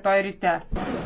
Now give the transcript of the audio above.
rytoj ryte.